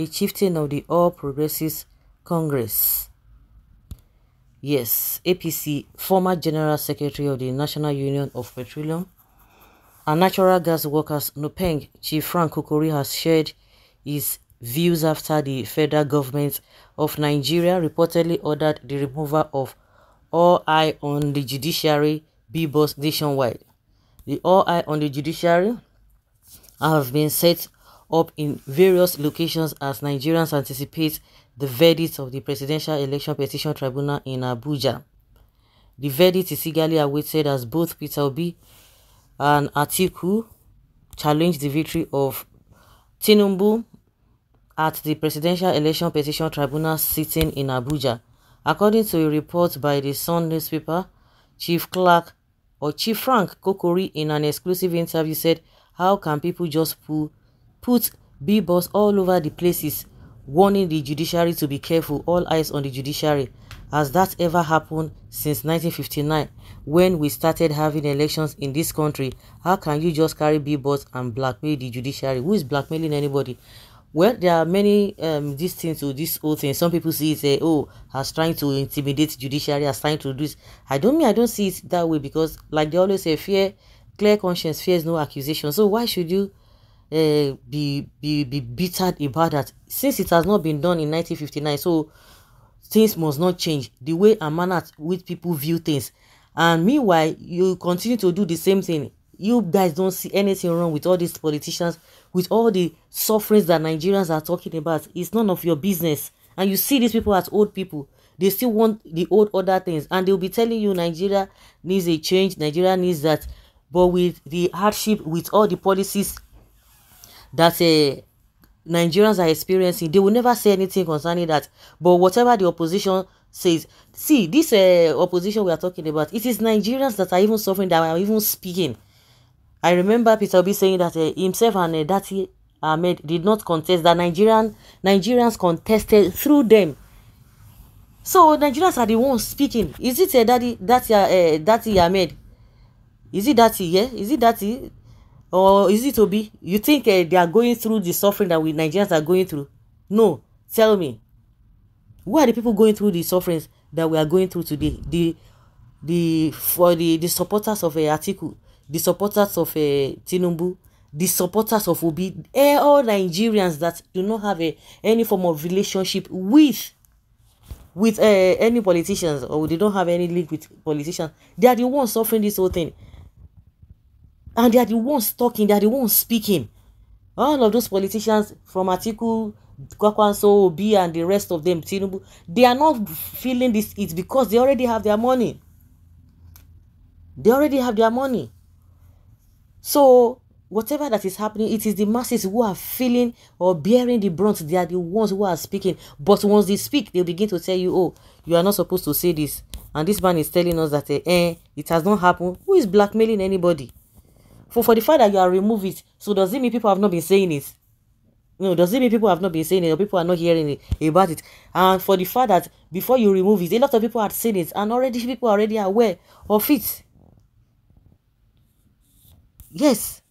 a chieftain of the All Progressives Congress. Yes, APC, former General Secretary of the National Union of Petroleum and Natural Gas Workers, Nupeng, Chief Frank Kokori has shared his views after the federal government of Nigeria reportedly ordered the removal of all eye on the judiciary B-Boss nationwide. The all eye on the judiciary have been set up in various locations as Nigerians anticipate the verdict of the Presidential Election Petition Tribunal in Abuja. The verdict is eagerly awaited as both Peter Obi and Atiku challenge the victory of Tinubu at the Presidential Election Petition Tribunal sitting in Abuja. According to a report by the Sun newspaper, Chief Clerk or Chief Frank Kokori in an exclusive interview said, how can people just pull put billboards all over the places warning the judiciary to be careful, all eyes on the judiciary. Has that ever happened since 1959 when we started having elections in this country? How can you just carry billboards and blackmail the judiciary? Who is blackmailing anybody? Well, there are many um, these things to this whole thing. Some people see it say, "Oh, has trying to intimidate judiciary, has trying to do this." I don't mean I don't see it that way because, like they always say, fear, clear conscience fears no accusation. So why should you uh, be be be bittered about that since it has not been done in 1959 so things must not change the way and manner with people view things and meanwhile you continue to do the same thing you guys don't see anything wrong with all these politicians with all the sufferings that nigerians are talking about it's none of your business and you see these people as old people they still want the old other things and they'll be telling you nigeria needs a change nigeria needs that but with the hardship with all the policies that uh, Nigerians are experiencing, they will never say anything concerning that. But whatever the opposition says, see, this uh, opposition we are talking about, it is Nigerians that are even suffering, that are even speaking. I remember Peter Obi saying that uh, himself and uh, Dati Ahmed did not contest, that Nigerian Nigerians contested through them. So Nigerians are the ones speaking. Is it uh, Daddy, Dati, uh, Dati Ahmed? Is it Dati, yeah? Is it Dati? or is it Obi? You think uh, they are going through the suffering that we Nigerians are going through? No, tell me. Who are the people going through the sufferings that we are going through today? The the for the the supporters of uh, Atiku, the supporters of uh, Tinubu, the supporters of Obi, all Nigerians that do not have a, any form of relationship with with uh, any politicians or they don't have any link with politicians. They are the ones suffering this whole thing and they are the ones talking they are the ones speaking all of those politicians from Atiku Kwakwanso Obi and the rest of them Tinubu they are not feeling this heat because they already have their money they already have their money so whatever that is happening it is the masses who are feeling or bearing the brunt they are the ones who are speaking but once they speak they begin to tell you oh you are not supposed to say this and this man is telling us that eh, eh it has not happened who is blackmailing anybody for for the fact that you are remove it so does it mean people have not been saying it no does it mean people have not been saying it or people are not hearing it, about it and for the fact that before you remove it a lot of people had seen it and already people are already aware of it yes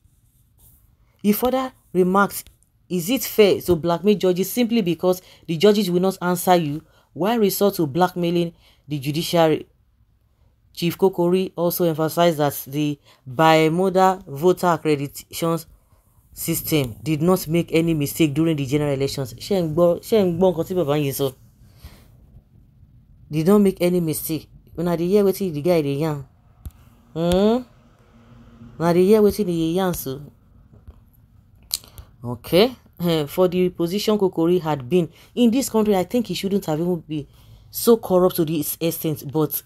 he further remarked is it fair to blackmail judges simply because the judges will not answer you why resort to blackmailing the judiciary Chief Kokori also emphasized that the bimodal voter accreditation system did not make any mistake during the general elections. Ṣé ń gbọ́ ṣé Did not make any mistake. Una dey hear wetin the guy dey yarn. Una hmm? dey hear wetin the yarn so. Okay. Eh, for the position Kokori had been in this country, I think he shouldn't have even been so corrupt to this extent, but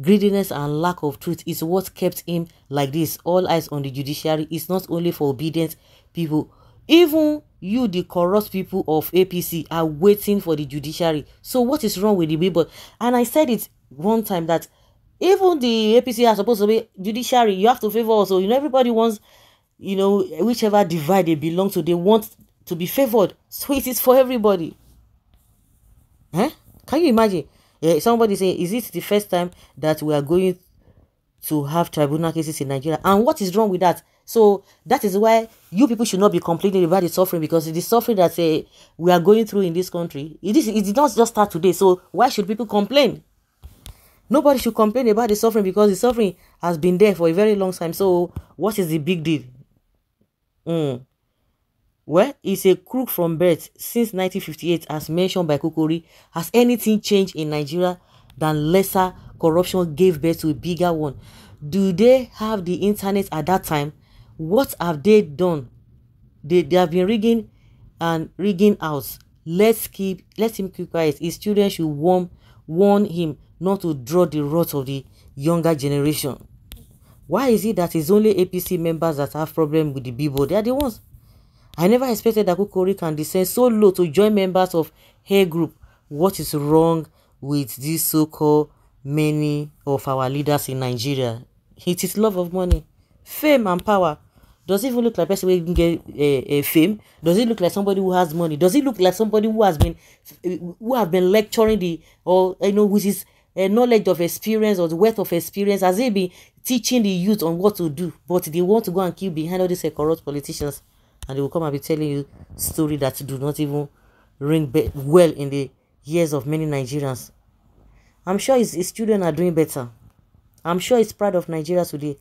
Greediness and lack of truth is what kept him like this. All eyes on the judiciary is not only for obedient people. Even you, the corrupt people of APC, are waiting for the judiciary. So what is wrong with the people? And I said it one time that even the APC are supposed to be judiciary. You have to favor also. You know, everybody wants, you know, whichever divide they belong to, they want to be favored. So it is for everybody. Huh? Can you imagine? Yeah, somebody say, is this the first time that we are going to have tribunal cases in Nigeria? And what is wrong with that? So that is why you people should not be complaining about the suffering because the suffering that uh, we are going through in this country, it, is, it did not just start today. So why should people complain? Nobody should complain about the suffering because the suffering has been there for a very long time. So what is the big deal? Mm. Well, he's a crook from birth since 1958, as mentioned by Kokori. Has anything changed in Nigeria than lesser corruption gave birth to a bigger one? Do they have the internet at that time? What have they done? They, they have been rigging and rigging out. Let's keep let him keep quiet. His students should warn warn him not to draw the wrath of the younger generation. Why is it that it's only APC members that have problem with the people? They are the ones I never expected that Kukori can descend so low to join members of her group. What is wrong with these so-called many of our leaders in Nigeria? It is love of money, fame and power. Does it even look like a person who get uh, uh, fame? Does it look like somebody who has money? Does it look like somebody who has been who has been lecturing the or you know with his uh, knowledge of experience or the wealth of experience has he been teaching the youth on what to do? But they want to go and keep behind all these uh, corrupt politicians. and they will come and be telling you story that do not even ring well in the years of many Nigerians. I'm sure his, his children are doing better. I'm sure he's proud of Nigeria today.